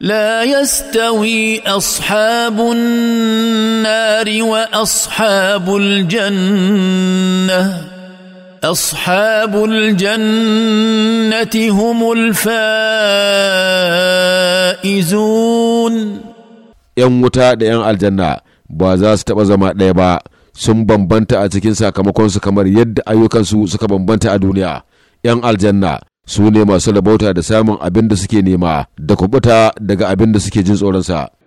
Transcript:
لا يستوي اصحاب النار واصحاب الجنه اصحاب الجنه هم الفائزون yan wuta da yan aljanna ba za su taɓa zama ɗaya ba sun bambanta a cikin sakamakonsu kamar yadda ayyukansu suka bambanta a duniya yan aljanna su ne masu labauta da samun abin da suke nema da kubuta daga abin da suke jin tsoronsa